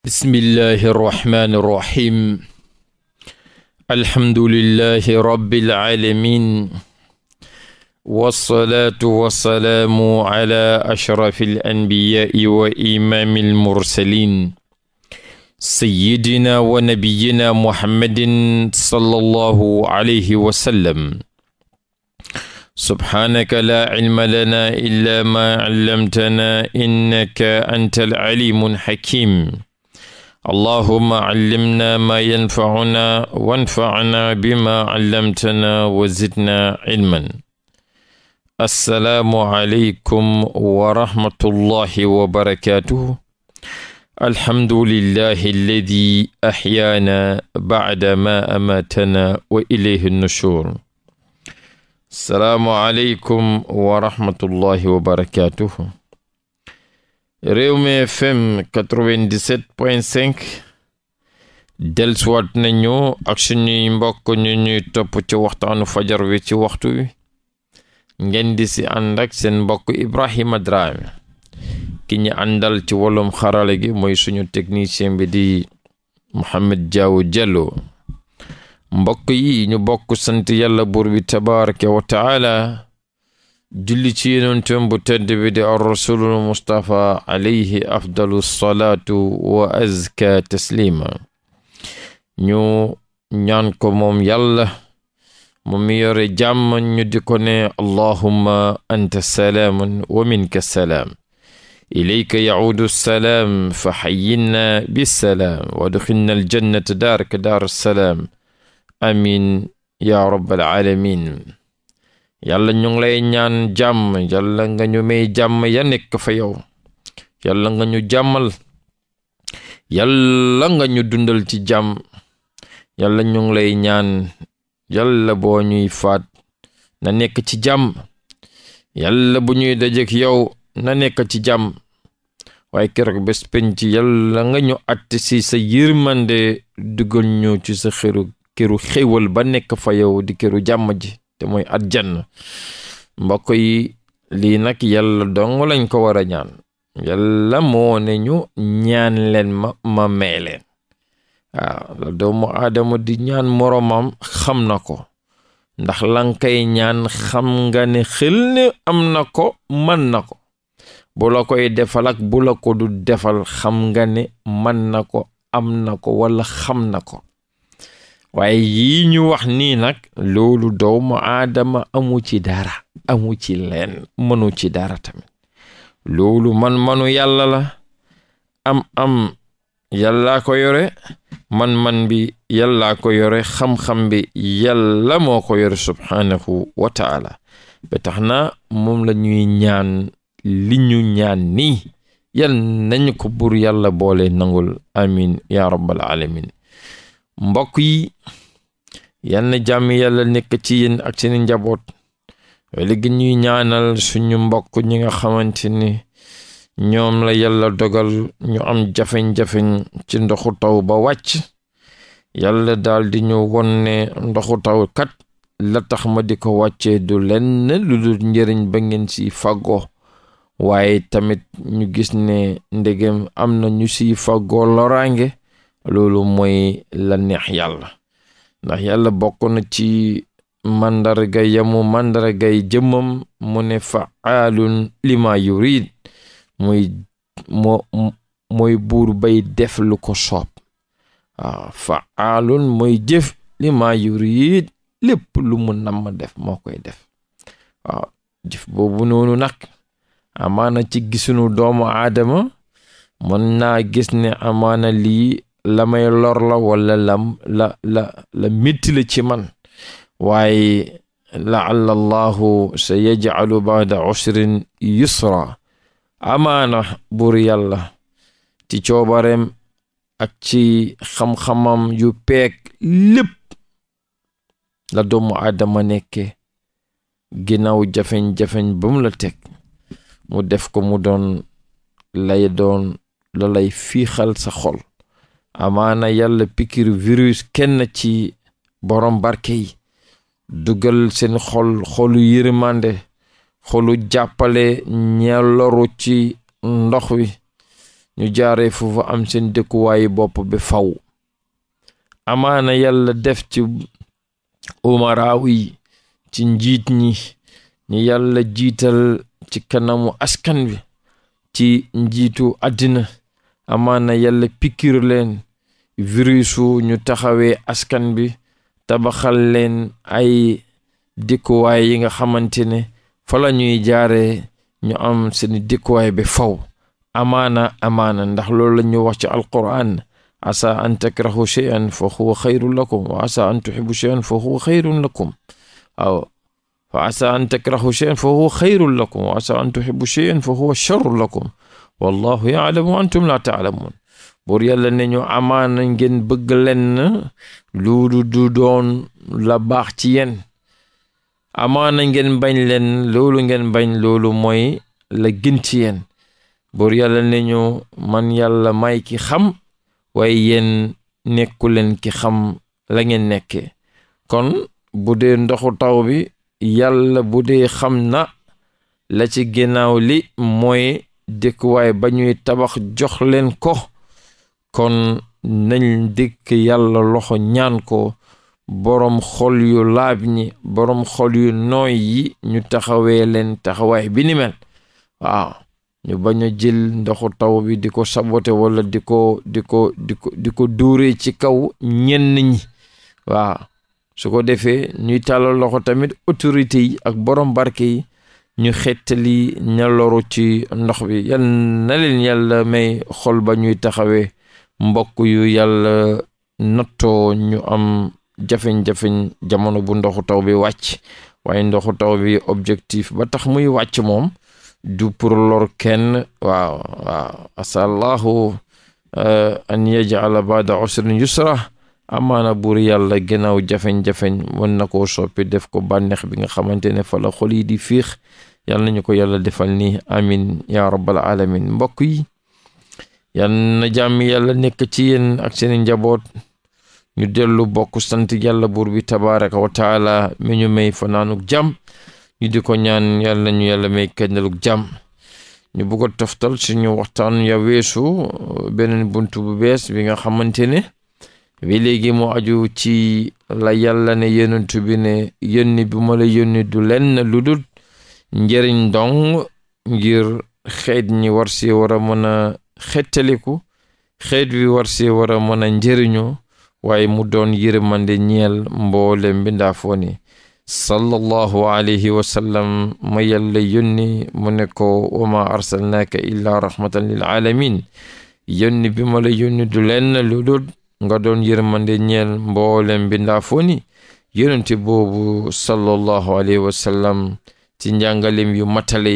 bismillahi irrahmani irrahim alhamdulillahi rabbil alamin wassalaatu wassalaamu ala ashrafi alanbiyaai wa imaami almursalin sayidina wa nabiyina muhammadin sallallahu alayhi wa sallam subhaanaka laa cilma lanaa illaa maa callamtanaa innaka anta alcalimu alxakim allahuma callimna maa yanfacunaa wanfacnaa bimaa callamtanaa wa zidnaa cilman assalaamu aleykum wa rahmatullahi wa barakaatuhu alhamdulillahi alladi axyaana bacda maa amaatanaa wa ilayhi nushuur assalaamu aleykum wa rahmatullahi wa barakaatuhu Rewmi FM 97.5 dellusiwaat nañu ak suñuy mbokk ñu ñuy topp ci waxtaanu fajar wi ci waxtu wi ngeen di si ànd seen mbokk Ibrahima Drame ki ñu àndal ci wàllum xarala gi mooy suñu technicien bi di Mohamed Diaw Diallo mbokk yi ñu bokk sant yàlla buur bi tabaraka wa julli ci yonentam bu tedd bi di ar rasulul mustapha alayhi afdalu wa azka taslima ñu ñaan ko moom yàlla mu mi yore jàmm ñu di ko ne anta salaamun wa minka salaam ilayka yacuudu salaam fa xayyinna bisalaam wadxilna aljannata daaraka daaru salaam amin ya rabbal aalamiin yàlla ñu ngi lay ñaan jàmm yàlla nga ñu may jàmm ya nekk fa yow yàlla nga ñu jàmmal yàlla nga ñu dundal ci jàmm yàlla ñu ngi lay ñaan yàlla boo ñuy faat na nekk ci jàmm yàlla bu ñuy dajeek yow na nekk ci jàmm waaye keroog bés penc yàlla nga ñu àtt si sa yërmande dugal ñu ci sa xëru këru xéwal ba nekk fa yow di këru jàmm ji te mooy àjjana mbokk yi lii nag yàlla dong lañ ko war a ñaan yàlla moo ñu ñaan leen ma ma may leen la doomu aadama di ñaan moroomam xam na ko ndax lan kay ñaan xam nga ne xel ne am na ko mën na ko bu la koy defal ak ko du defal xam nga ne mën na ko am na ko wala xam na ko waaye yii ñu wax nii nag loolu doomu aadama amu ci dara amu ci leen mënu ci dara tamit loolu man manu yàlla la am am yàllaa ko yore man man bi yàllaa ko yore xam-xam bi yàlla moo ko yore subhaanahu wa taala ba tax na moom la ñuy ñaan li ñu ñaan ni yal nañu ko bur yàlla boole nangul amin ya rabbal mbokk yi yal jàmm yàlla nekk ci yéen ak seeni njaboot wala gi ñuy ñaanal suñu mbokk ñi nga xamante ni ñoom la yàlla dogal ñu am jafeñ-jafeñ ci ndoxu taw ba wàcc yàlla daldi di ñu won ne ndoxu taw kat la tax ma di ko wàccee du lenn lu dul njëriñ ba ngeen si fàggoo waaye tamit ñu gis ne ndegem am na ñu siy fàggoo loraange loolu mooy la neex yàlla ndax yàlla bokk na ci màndarga yamu màndargay jëmmam mu ne faalun lima yurid muy moo mooy buur bay def lu ko soob waaw faalun mooy jëf lima yurid lépp lu mu namm def moo koy def waaw jëf boobu noonu nag amaana ci gisunu doomu aadama mën naa gis ne amaana lii la may lor la la la ci man waaye la allahu sa yajcalu baada usrin yusra amaana buur yàlla ci coobareem ak ci xam-xamam yu peeg lépp la doomu aadama nekke ginnaaw jafeñ-jafeñ ba mu la teg mu def ko mu doon lay doon la lay fiixal sa xol amaana yàlla pikir virus kenn ci borom barke yi dugal seen xol xolu yërmande xolu jàppale ña ci ndox wi ñu jaaree foofu am seen dëkkuwaayu bopp bi faw na yàlla def ci umaraaw yi ci njiit ñi ñu yàlla jiital ci kanamu askan wi ci njiitu àddina amaana yàlla pikiir leen virusu ñu taxawee askan bi tabaxal leen ay dikkuwaay yi nga xamante ne fa la ñuy jaaree ñu am seen dikkuwaay bi faw amaana amaana ndax loolu la ñu wax ci alquran asa an takrahu shay'an fa huwa xayrun lakum wa asa an tuhibu shay'an fa huwa xayrun lakum waaw fa asa an takrahu shay'an fa huwa xayrun lakum wa asa an tuhibu shay'an fa huwa sharrun lakum wallahu yaalamu antum la taalamuun buur yàlla ne ñu amaana ngeen bëgg lenn loolu du doon la baax ci yéen amaana ngeen bañ leen loolu ngeen bañ loolu mooy la gin ci yéen buur yàlla ne ñu man yàlla may ki xam way yéen nekku leen ki xam la ngeen nekkee kon bu dee ndoxu taw bi yàlla bu dee xam na la ci ginnaaw li mooy dëkkuwaay ba ñuy tabax jox leen ko kon nañ dëkk yàlla loxo ñaan ko boroom xol yu laab ñi boroom xol yu nooy yi ñu taxawee leen taxawaay bi mel waaw ñu bañ a jël ndoxu taw bi di ko sabote walla di ko di ko di ko ko dóoree ci kaw ñenn ñi waaw su ko defee ñuy tàllal loxo tamit autorité yi ak boroom barke yi ñu xettali ña loru ci ndox bi yal na leen yàlla may xol ba ñuy taxawee mbokk yu yàlla nattoo ñu am jafeñ-jafeñ jamono bu ndoxu taw bi wàcc waaye ndoxu taw bi objectif ba tax muy wàcc moom du pour lor kenn waaw waaw asallahu euh, an yajala baada usrin yusra amaana buur yàlla ginnaaw jafeñ-jafeñ mën na koo soppi def ko bànneex bi nga xamante ne fa la xol yi di fiix yal nañu ko yàlla defal ni amin ya rabbal alamin mbokk yi na jàmm yàlla nekk ci yenn ak seen njaboot ñu dellu bokk sant yàlla buur bi tabaraka wa taala mi ñu may fanaanuk jàmm ñu di ko ñaan yal nañu yàlla may kennaluk jàmm ñu bëgg a toftal suñu waxtaan ya weesu beneen bunt bu bees bi nga xamante ne bi léegi moo aju ci la yàlla ne yonent bi ne yónni bi ma la du lenn lu njëriñ dong ngir xeet ñi war si war a mën a xettaliku xeet wi war si war a mën a njëriñoo waaye mu doon yërmande ñeel mboolem bi ndaafoon yi sallallahu alayhi wa ma yàlla yónni mu ne ko wa ma arsalnaaka illaa rahmatan lil aalamin yónni bi du lenn lu dul nga doon yërmande ñeel mboolem bi ndaafoon yi yónente boobu sallallahu alayhi wa ci njàngalem yu matale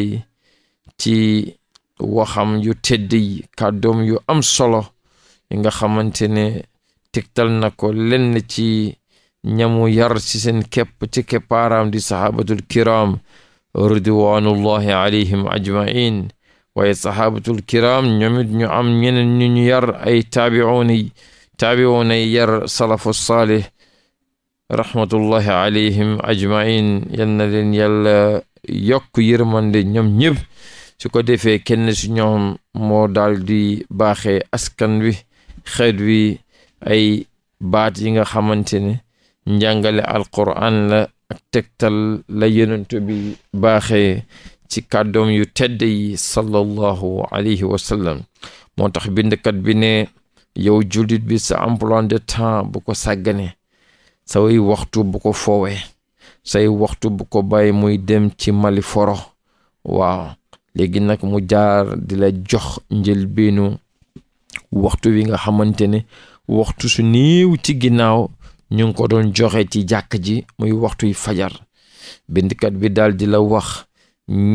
ci waxam yu tedd yi kàddoom yu am solo yi nga xamante ne tegtal na ko lenn ci ñamu yar ci seen kepp ci keppaaraam di saxaabatul kiram ridwanullahi alayhim ajmain waaye saxaabatul kiram ñoomit ñu am ñeneen ñu yar ay taabiuun yi taabiuun ay yar salafu saalih rahmatullahi alayhim ajmain yal yokk yërmande ñoom ñëpp su ko defee kenn si ñoom moo daal di baaxee askan wi xeet wi ay baat yi nga xamante ne njàngale alquran la tegtal la yenentu bi baaxe ci kàddoom yu tedd yi sallallahu alayhi wa moo tax bindkat bi ne yow jullit bi sa emploi de temps bu ko sàggane saway waxtu bu ko foowee say waxtu bu ko bàyyi muy dem ci mali foro waaw léegi nag mu jaar di la jox njëlbeenu waxtu wi nga xamante ne waxtu su néew ci ginnaaw ñu ngi ko doon joxe ci jàkk ji muy waxtuy fajar bindkat bi daal di la wax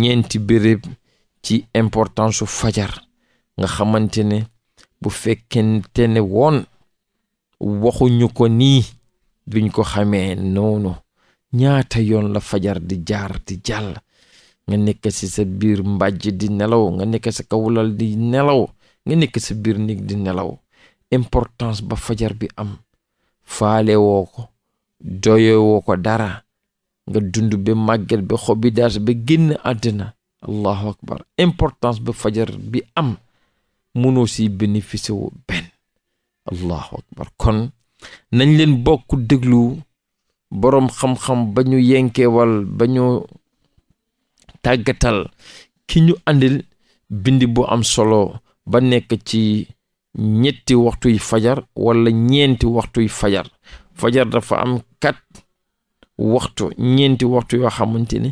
ñeenti béréb ci importance su fajar nga xamante ne bu fekkente ne woon waxuñu ko nii biñ ko xamee noonu ñaata yoon la fajar di jaar di jàll nga nekk ci sa biir mbàjj di nelaw nga nekk sa kawulal di nelaw nga nekk sa biir néeg di nelaw importance ba fajar bi am faale woo ko doye woo ko dara nga dund ba màgget ba xobi daas ba génn àddina allahu akbar importance ba fajar bi am mënoo si bénéficié wu benn allahu akbar kon nañ leen bokk déglu boroom xam-xam ba ñu yenkewal ba ñu tàggatal ki ñu andil bindi bu am solo ba nekk ci ñetti waxtuy fajar wala ñeenti waxtuy fajar fajar dafa am kat waxtu ñeenti waxtu yoo xamante ne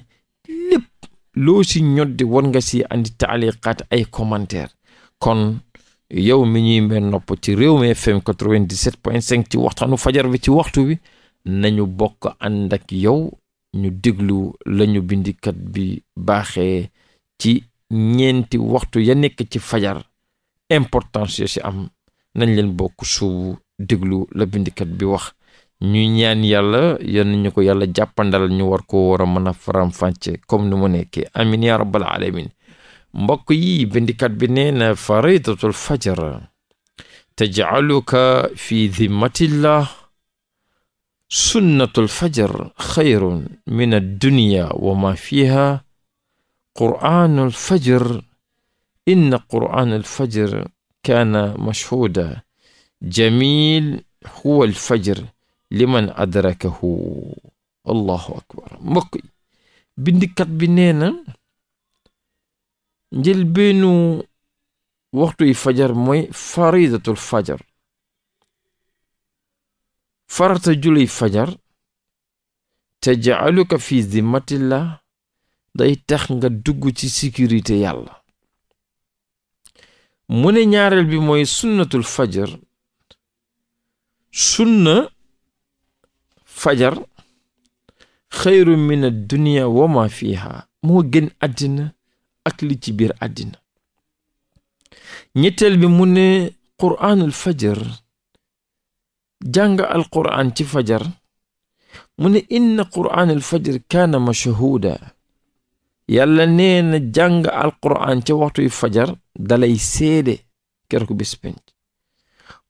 lépp loo si ñoddi war nga si indi taaliqaat ay komanteer kon yow mi ñuy mel nopp ci réew mi FM 97.5 ci waxtaanu fajar bi ci waxtu wi nañu bokk ànd ak yow ñu déglu lañu bindikat bi baaxee ci ñeenti waxtu ya nekk ci fajar importance ya ci am nañ leen bokk suubu diglu la bindikat bi wax ñu ñaan yàlla yal nañu ko yàlla jàppandal ñu war ko war a mën a faram comme ni mu nekkee amin ya rabbal alamin mbokk yi bindikat bi nee na faridatul fajar tajcaluka fi dimmatillah sunnatul fajar xayrun min addunya wa ma fiha qur'aanul fajar inna qur'aanal fajar kaana mashhuuda jamil huwa alfajar liman adrakahu allahu akbar mbokk yi bindikat bi nee na njëlbeenu waxtuy fajar mooy faridatul fajar farata julay fajar te jaaluka fi zimmatillah day tax nga dugg ci sécurité yàlla mu ne ñaareel bi mooy sunnatul fajar sunna fajar xayru min addunia wa fiha moo gën àddina ak li ci biir àddina ñetteel bi mu ne quraanul fajar jàng alquraan ci fajar mu ne inna quraanal fajar kaana mashhuuda yàlla nee na jàng alquraan ci waxtuy fajar dalay seede kerku bis penc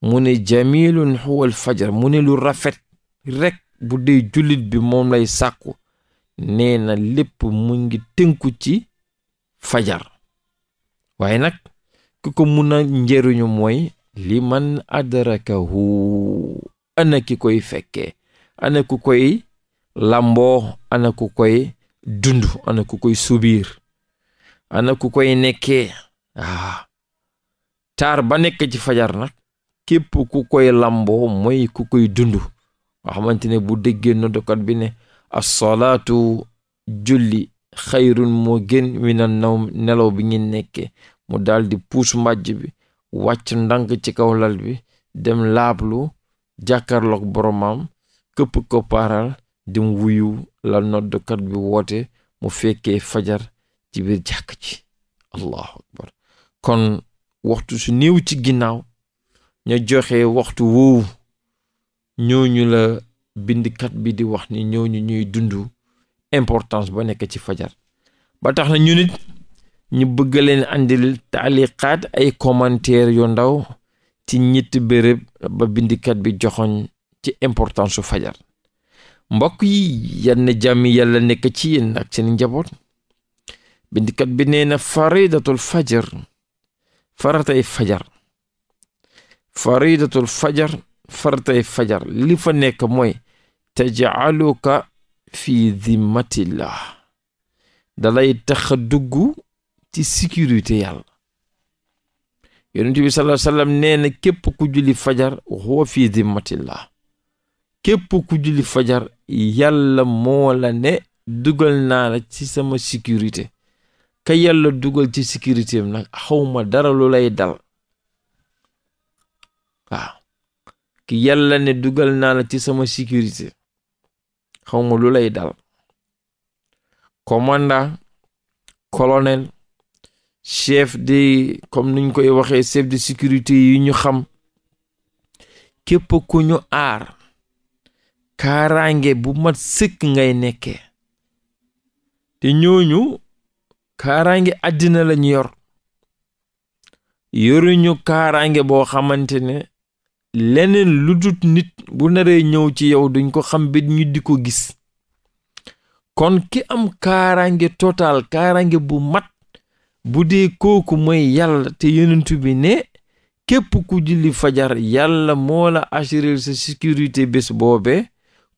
mu ne jamilun xuwal ne lu rafet rekk bu dee jullit bi moom lay sàkku nee na lépp mu ngi tënku ci fajar waaye nag ku ko mun a njëriñu mooy man liman adrakahu ana ki koy fekke ana ku koy lamboo ana ku koy dund ana ku koy subir ana ku koy nekkee ah taar ba nekk ci fajar nag képp ku koy lamboo mooy ku koy dund nga xamante ne bu déggee noddukat bi ne assalaatu julli xayrun moo gën minan nawm nelaw bi ngeen nekkee mu daldi puus mbàjj bi wàcc ndànk ci kaw lal bi dem laablu jàkkarloog boromam këpp ko paaral dim wuyu la noddukat bi woote mu fekkee fajar ci biir jàkk ci allahu akbar kon waxtu su néew ci ginnaaw ña joxe waxtu woowu ñooñu la bindkat bi di wax ni ñu ñuy dund importance ba nekk ci fajar ba tax na ñu nit ñu bëgg leen andil taaliqaat ay commentaire yu ndaw ci ñetti béréb ba bindikat bi joxoñ ci importance su fajar mbokk yi yann jàmmi yàlla nekk ci yéen ak seen njaboot bindikat bi nee na faridatul fajar faratay fajar faridatul fajar faratay fajar li fa nekk mooy te tajaaluka fi dimmatillah dalay tax a dugg ci sécurité yàlla yonent bi sallallahu alayhi wasallam nee na képp ku julli fajar huwa fi dimmatillah képp ku julli fajar yàlla moo ne dugal naa la ci sama sécurité ka yàlla dugal ci sécurité am nag xawma dara lu lay dal waaw ki yàlla ne dugal naa la ci sama sécurité xawma lu lay dal commandant colonel chef de comme niñ koy waxee chef de sécurité yi ñu xam képp ku ñu aar kaaraange bu mat sëkk ngay nekkee te ñooñu kaaraange àddina lañu yor yoruñu kaaraange boo xamante ne leneen lu nit bu naree ñëw ci yow duñ ko xam ba ñu di ko gis kon ki am kaaraange total kaaraange bu mat bu dee kooku mooy yàlla te yonent bi ne képp ku julli fajar yàlla moo la assurer sa sécurité bés boobee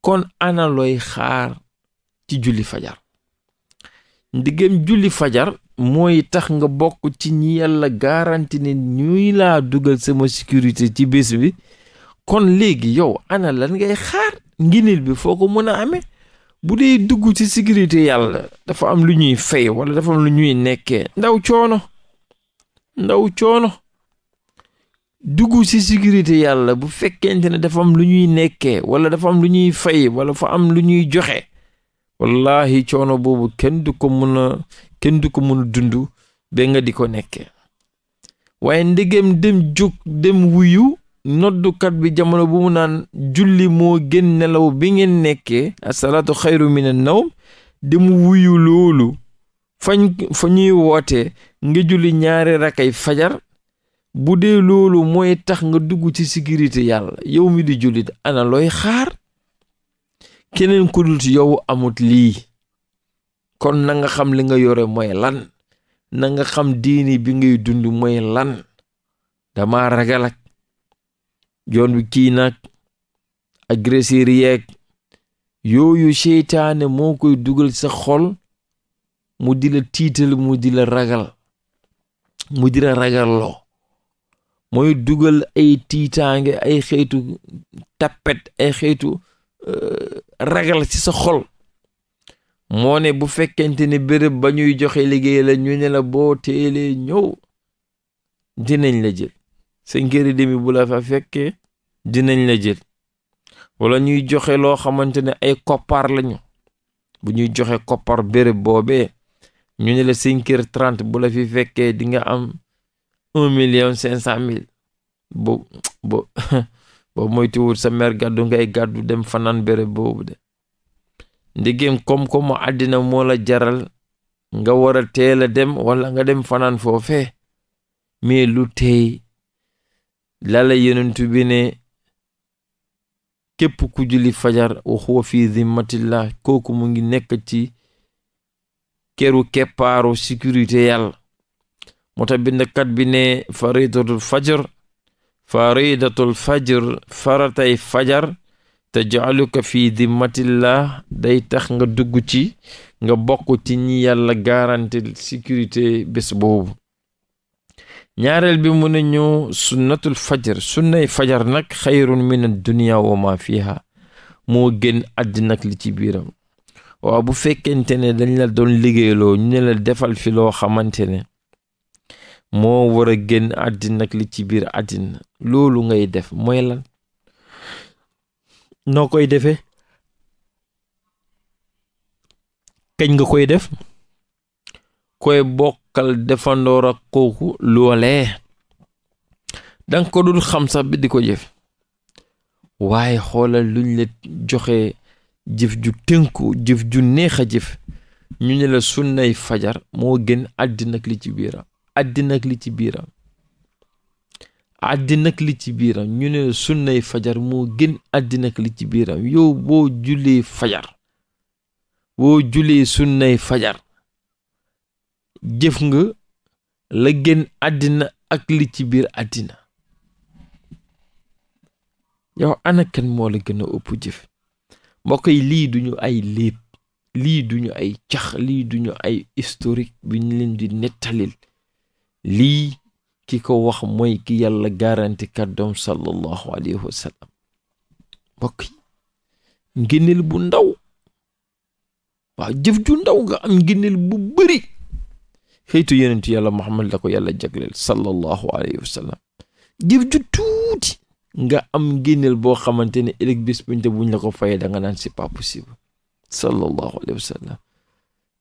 kon ana xaar ci julli fajar ndigem julli fajar mooy tax nga bokk ci ñi yàlla garanti ne ñuy laa dugal sama sécurité ci bés bi kon léegi yow ana lan ngay xaar nginil bi foo ko mën a amee bu dee dugg ci sécurité yàlla dafa am lu ñuy fay walla dafa am lu ñuy nekkee ndaw coono ndaw coono dugg ci sécurité yàlla bu fekkente ne dafa am lu ñuy nekkee wala dafa am lu ñuy fay wala fa am lu ñuy joxe wallahi coono boobu kenn du ko mën a kenn du ko mën a dund ba nga di ko nekkee waaye ndegem dem jóg dem wuyu noddukat bi jamono bu mu naan julli moo gën nelaw bi ngeen nekkee asalaatu xayru mina nawm di mu wuyu loolu fa ñuy woote nga julli ñaari rakay fajar bu dee loolu mooy tax nga dugg ci sécurité yàlla yow mi di jullit ana looy xaar keneen ku yow amut lii kon na nga xam li nga yore mooy lan na nga xam diini bi ngay dund mooy lan dama ragal ak yoon wi kii nag agresseur yeeg yooyu seytaane moo koy dugal sa xol mu di la tiital mu di la ragal mu di la ragalloo mooy dugal ay tiitaange ay xeetu tappet ay xeetu euh, ragal ci sa xol moo ne bu fekkente ne béréb ba ñuy joxe liggéey la ñu ne la boo teelee ñëw dinañ la jël sa ngëri demi bu la fa fekkee dinañ la jël wala ñuy joxe loo xamante ne ay koppar lañu bu ñuy joxe koppar béréb boobee ñu ne la cinq heures trente bu la fi fekkee di nga am un million cinq cent mille bo bo boobu moytuwul sa mer gàddu ngay gàddu dem fanaan béréb boobu de ndegem koom-koomu àddina moo la jaral nga war a teel a dem wala nga dem fanaan foofee mais lu tey lala yonentu bi ne képp ku fajar wa huwa fi zimmatillah kooku mu ngi nekk ci keru keppaaru sécurité yàlla moo tax bindkat bi ne faridatul fajar faridatul fajar faratay fajar tajaaluka fi dimmatillah day tax nga dugg ci nga bokk ci ñi yàlla garanti sécurité bés boobu ñaareel bi mu ne ñu sunnatul fajar sunnay fajar nag xayrun min ad-dunya wa ma fiha moo gën àddina ak li ci biiram waaw bu fekkente ne dañ la doon liggéeyloo ñu ne la defal fi loo xamante ne moo war a gën àddina ak li ci biir àddina loolu ngay def mooy lan noo koy defee kañ nga koy def koy bokk bokkal defandoor ak kooku loole danga ko dul xam sax bi di ko jëf waaye xoolal luñ la joxe jëf ju tënku jëf ju neex a jëf ñu ne la sunnay fajar moo gën àddina ak ci biiram àddina biiram àddina ak li ci biiram ñu ne la sunnay fajar moo gën àddina ak li ci biiram yow boo julee fajar boo julee sunnay fajar jëf nga la génn àddina ak li ci biir àddina yow ana moo la gën a ëpp jëf mbokk yi lii duñu ay léeb lii duñu ay cax lii duñu ay istorik bi ñu leen di nettalil lii ki ko wax mooy ki yàlla garanti doom sallallahu alayhi wa mbokk yi ngëneel bu ndaw waaw jëf ju ndaw nga am ngëneel bu bari xëytu yonentu yàlla Muhammad la ko yàlla jagleel sallallahu alayhi wa sallam jëf ju tuuti nga am génneel boo xamante ne ëllëg bis buñ te la ko fayee danga naan c'est pas possible sallallahu alayhi wa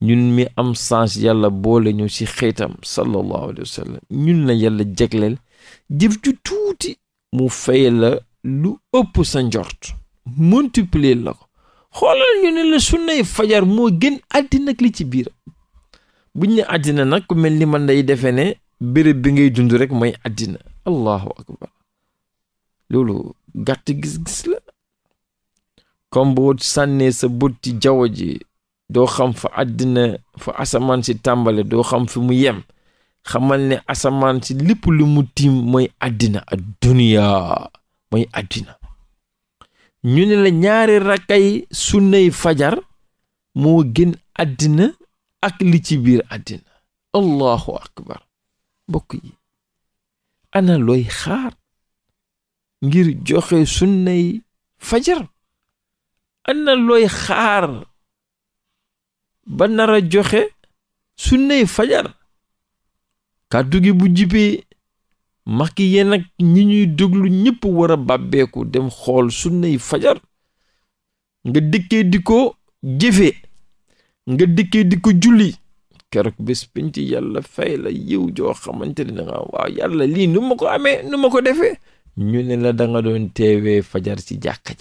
ñun mi am sens yàlla boole ñu ci xeetam sallallahu alayhi wa ñun la yàlla jagleel jëf ju tuuti mu faye la lu ëpp sa njort multiplier la ko xoolal ñu ne la sunnay fajar moo gën àddina ak li ci biir bu ne àddina nag mel ni man day defee ne béréb bi ngay dund rek mooy àddina allahu akbar loolu gàtt gis-gis la comme boo sànnee sa bët ci ji doo xam fa àddina fa asamaan si tàmbale doo xam fi mu yem xamal ne asamaan si lépp lu mu tiim mooy àddina ad duniya mooy àddina ñu ne la ñaari rakkay sunnay fajar moo gën àddina ak li ci biir àddina allahu akbar bokk yi ana looy xaar ngir joxe sunnay fajar ana xaar ba nar a joxe sunnay fajar kàddu gi bu jibee mag yi nag ñi ñuy déglu ñépp war a bàbbeeku dem xool sunnay fajar nga dikkee di ko jëfee nga dikkee di ko julli keroog bés pénc yàlla fay la yiw joo xamante ne waaw yàlla lii numa ko amee nu ma ko defee ñu ne la nga doon teewee fajar ci jàkka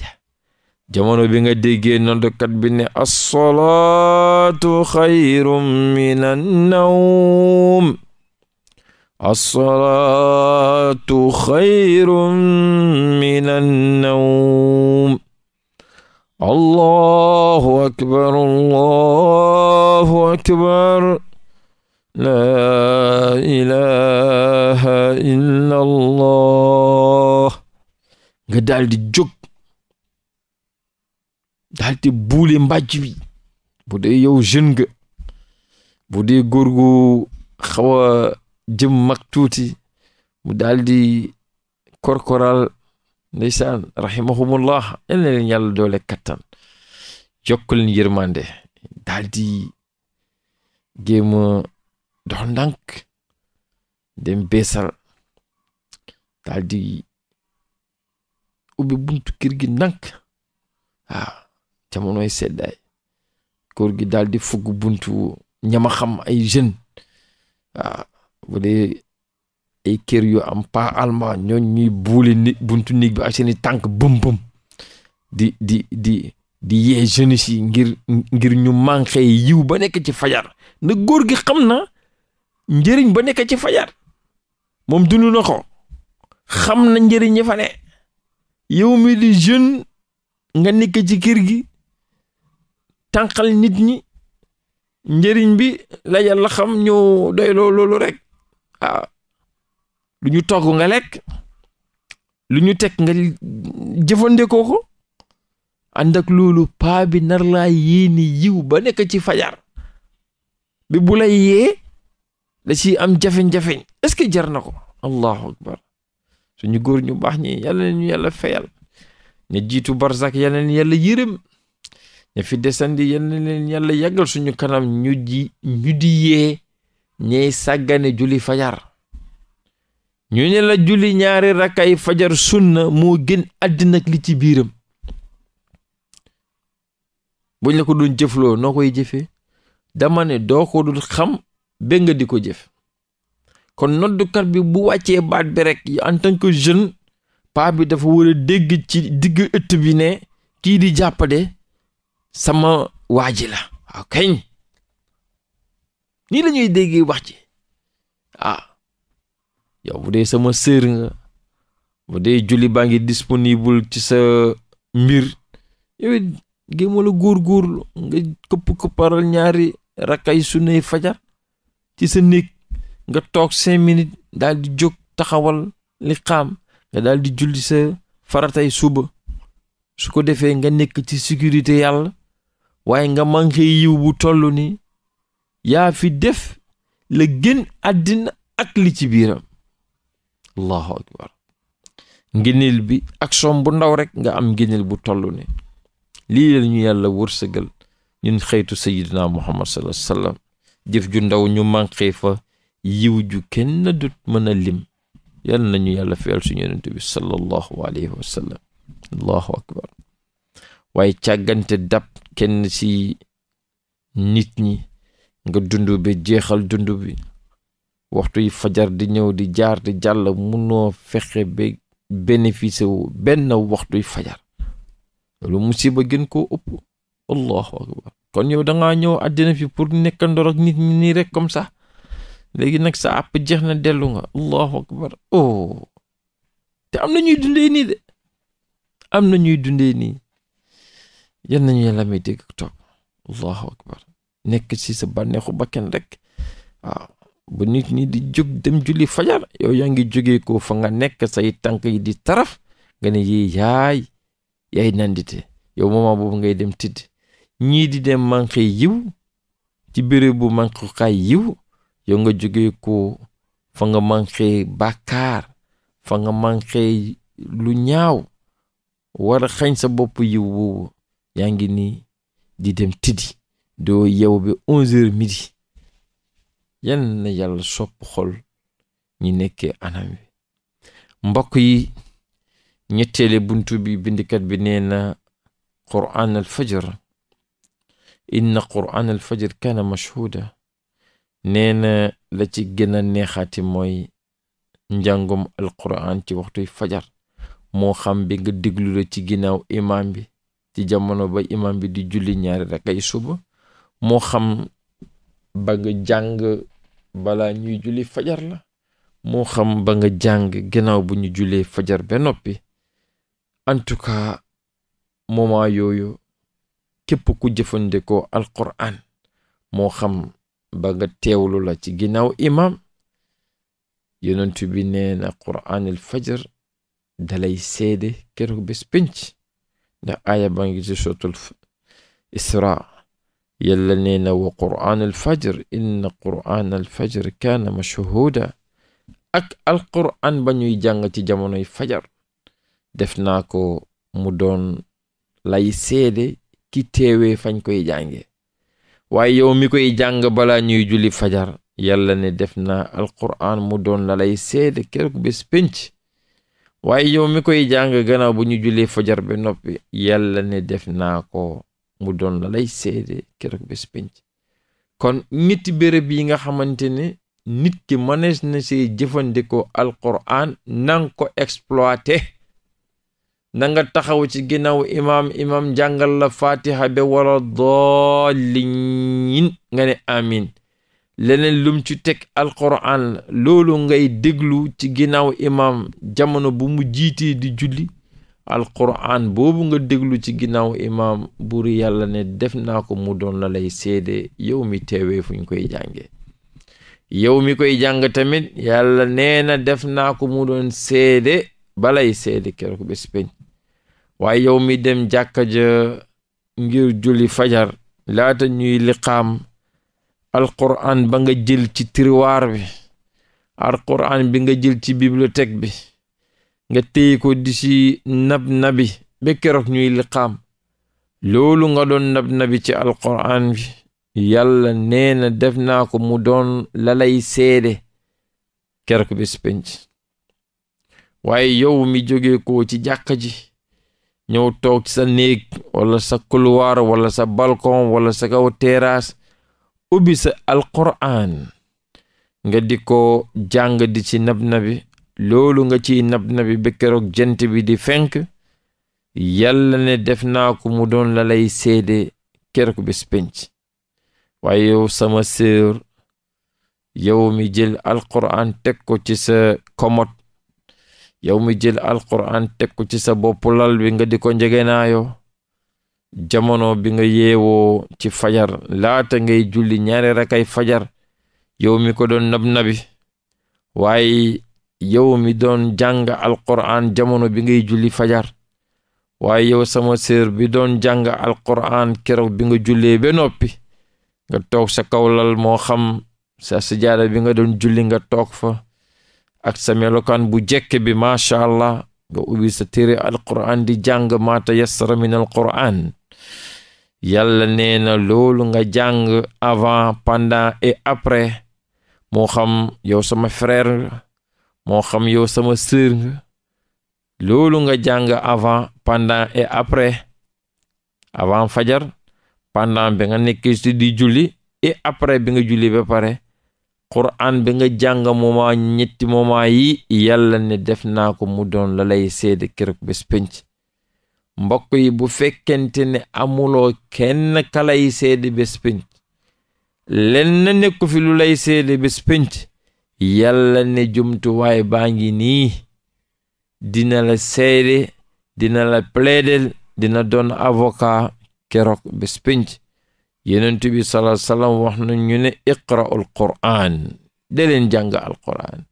ja bi nga déggee noddukat bi ne assalaatu xayrun min annawm assalaatu xayrun min annawm allahu akbar allahu akbar laa ilaha illa allah nga daldi jóg daldi buule mbàjj bu dee yow jeune bu dee góor gu xaw a jëm mag tuuti mu daldi korkoral ndeysaan rahimahumullah yal na leen doole kattan jokk leen yërmande daal di géem a dox ndànk dem beesal daal di ubbi buntu kër gi ndànk waaw jamonoy seddaay kóor gi daal di fugg buntu ñama ay jeune waaw bu ay kër yu am pas allemand ñooñ ñuy buuli ni buntu néeg bi ak seeni tànk bëm bëm di di di yee jeunesse yi ngir ngir ñu manqué yiw ba nekk ci fajar na góor gi xam na njëriñ ba nekk ci fajar moom dund na ko xam na njëriñ ñi fa ne yow mi di jeune nga nekk ci kër gi tànqal nit ñi njëriñ bi la yàlla xam ñoo doy loolu rek ah lu ñu togg nga lekk lu ñu teg nga jëfandikoo ko ànd ak loolu paa bi nar laa yéene yiw ba nekk ci fajar bi bu yee da ci am jafeñ-jafeñ est-ce que jar na ko allahu akbar suñu góor ñu baax ñi yàlla ñu yàlla fayal ñu jiitu barzak yàlla na yàlla yërëm ña fi desandi yàlla na yàlla yàggal suñu kanam ñu ji ñu di yee ñey sàggane julli fajar ñu ne la julli ñaari rakkay fajar sunna moo gën àddina ak li ci biiram buñ la ko doon jëfloo noo koy jëfe dama ne doo ko dul xam ba di ko jëf kon noddukat bi bu wàccee baat bi rek en tant que jeune paa bi dafa war a dégg ci digg ëtt bi ne kii di jàppade sama waa ji la waaw kañ nii lañuy ñuy déggee wax ci ah yow bu dee sama sër nga bu dee julli baa ngi disponibul ci sa mbir yow it gémma la góor-góorlu nga këpp këpparal ñaari rakkay sunnay fajar ci sa néeg nga toog cinq minit daal di jóg taxawal li xaam nga daal di julli sa faratay suba su ko defee nga nekk ci sécurité yàlla waaye nga manqué yiw bu toll ni yaa fi def la gën àddina ak li ci biiram allahu akbar ngëneel bi action bu ndaw rekk nga am ngëneel bu toll ne lii la ñu yàlla wërsëgal ñun xeetu sayidina muhammad sallallahu wa sallam jëf ju ndaw ñu manqué fa yiw ju kenn dut mën a lim yal nañu yàlla fiyal suñu yonent bi sallallahu waaye càggante dab kenn ci nit ñi nga dund bi jeexal dund bi waxtu yi fajar di ñëw di jaar di jàll munoo fexe ba bénéficié wu benn waxtuy fajar loolu musiba gën ko ëpp allahu akbar kon yow da ñëw àddina fi pour nekkandoor ak nit ñi nii rek comme sax léegi nag sa àpp jeex na dellu nga allahu akbar oh. te am na ñuy dundee nii de am na ñuy dundee nii yan nañu yàlla may dégg toog allahu akbar nekk ci sa bànneexu bakken rek waaw bu nit ñi di jóg dem julli fajar yow yaa ngi jógee ko fa nga nekk say tànk yi di taraf nga ne yi yaay yaay nandite yow moment boobu ngay dem tidd ñii di dem manqué yiw ci béréb bu manqukaay yiw yow nga jógee ko fa nga manqué bàkkaar fa nga manqué lu ñaaw wara a xañ sa bopp yiw boobu yaa ngi nii di dem tiddi doo yow bi onze heures yal na yàlla sopp xol ñi nekkee anam wi mbokk yi ñetteele buntu bi bindikat bi neena na quraan al fajar inna quraan al fajar mashhuuda nee na la ci gën a neexaati mooy njàngum al ci waxtuy fajar moo xam bi nga déglu la ci ginnaaw imaam bi ci jamono ba imaam bi di julli ñaari rakay suba moo xam ba nga jàng balaa ñuy julli fajar la moo xam ba nga jàng gannaaw bu ñu jullee fajar ba noppi en tout yooyu képp ku jëfandikoo alquran moo xam ba nga teewlu la ci ginnaaw imam yonent bi nee na fajar dalay seede keroog bés pénc ndax aaya ba ngi ci sotul isra yàlla ne na wa quraan alfajr inna quraan alfajr kaana mashhuuda ak alquraan ba ñuy jàng ci jamonoy fajar def naa ko mu doon lay seede ki teewee fañ koy jànge waaye yow mi koy jàng bala ñuy julli fajar yàlla ne def naa alquraan mu doon la lay seede keroog bés pénc waaye yow mi koy jàng gannaaw bu ñu jullee fajar bi noppi yàlla ne def naa ko mu doon la lay seede keroog bés penc kon ñetti béréb yi nga xamante ne nit ki mënees na see jëfandikoo alquran nang ko exploité na nga taxaw ci ginnaaw imaam imaam jàngal la fatiha be wala doolliin nga ne leneen lum ci teg alquran la loolu ngay déglu ci ginnaaw imaam jamono bu mu jiitee di julli alquran boobu nga déglu ci ginnaaw imaam buri yàlla ne def naa ko mu doon la lay seede yow mi teewee fuñ koy jànge yow mi koy jàng tamit yàlla nee na def naa ko mu doon seede balay seede keroog bés peñ waaye yow mi dem jàkka ja ngir julli fajar laata ñuy liqaam alquran ba nga jël ci tiroir bi alquran bi nga jël ci bibliothèque bi nga téye ko di si nab nabi ba keroog ñuy liqaam loolu nga doon nab nabi ci alquraan bi yàlla neena na def naa ko mu doon lalay seede keroog bés penc waaye yow mi jóge ko ci jàkka ji ñëw toog sa néeg walla sa couloir wala sa balkon wala sa kaw terrasse ubbi sa alquraan nga di ko jàng di ci nab nabi loolu nga ci nab-nabi ba keroog jant bi di fenk yàlla ne def naa ko mu doon la seede keroog bés penc waaye yow sama sœur yow mi jël alquran teg ci sa komot yow mi jël alquran teg ko ci sa bopp lal bi nga di ko njegenaayoo jamono bi nga yeewoo ci fajar laata ngay julli ñaari rakay fajar yow mi ko doon nab nabi waaye yow mi doon jàng alqur'an jamono bi ngay julli fajar waaye yow sama séer bi doon jàng alqur'an keroog bi nga jullee ba noppi nga toog sa kawlal moo xam sa sijaada bi nga doon julli nga toog fa ak sa melokaan bu jekk bi macha allah nga ubbi sa téere alqur'an di jàng maa tayassara min alqur'an yàlla nee na loolu nga jàng avant pendant et après moo xam yow sama frère moo xam yow sama sœur nga loolu nga jàng avant pendant et après avant fajar pendant bi nga nekkee si di julli et après bi nga julli ba pare quran bi nga jàng moment ñetti moment yi yàlla ne def naa ko mu doon la lay seede keroog bés penc mbokk yi bu fekkente ne amuloo kenn ka lay seede bés penc lenn nekku fi lu seede bés penc yàlla ne jumtuwaay baa ngi nii dina la seede dina la plaidel dina doon avoka keroog bés pénc yonent bi salaa salaam wax na ñu ne iqra'ul qur'an de leen jàng alqur'an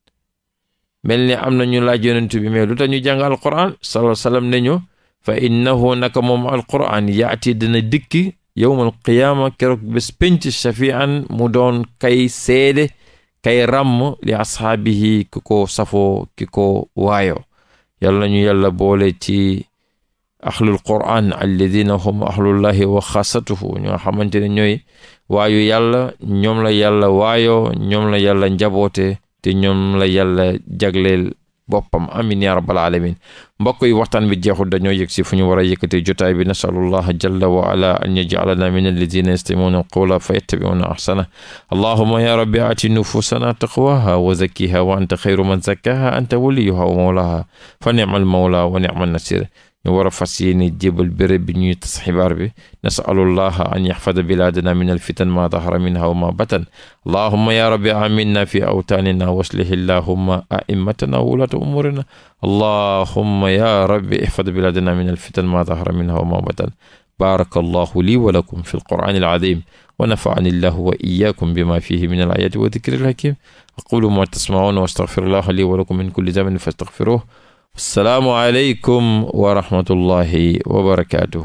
mel ni am na ñu laaj yonent bi mais lu ñu jàng alqur'an salaa salaam ne ñu fa innahu naka moom alqur'an yaati dina dikki yowmal qiyaama keroog bés pénc mu doon kay seede kay ràmm li ashaabihi ki safoo ki waayo waayoo yàlla ñu yàlla boole ci ahlul quran alladina hum ahlullahi wa xasatuhu ñoo xamante ne ñooy waayu yàlla ñoom la yàlla waayo ñoom la yàlla njaboote te ñoom la yàlla jagleel boppam amin ya rabbal alamin mbokk yi waxtaan bi jeexul dañoo yëg si fu ñu war a yëkkati jotaay bi nasalullah jalla wa ala an yajalana min alladina yastamiuna alqawla fa yattabiuna ahsana allahuma ya rabbi aati nufusana taqwaha wa zakkiha wa anta xayru man zakkaha anta waliyuha wa mawlaha fa nicma almawla wa nicma nasir ñu war a fas yéene jébal béréb bi ñuy tas xibaar bi nasalullaha an yaxfada bilaadana min alfitan ma dahara minha wa ma batan allahuma ya rabbi aminna fi awtaanina waslih illahuma aimatana wulata umurina allahuma ya rabbi ihfad bilaadana min alfitan ma dahara minha wa ma batan baraka allahu lii wa lakum fi alqur'ani alazim wa nafa'ani allahu wa iyyakum bima fihi min alayati wa dhikri alhakim aqulu ma tasma'un wa astaghfirullaha li wa lakum min kulli dhanbin fastaghfiruhu asalaamualeykum wa rahmatullahi wa barakaatuhu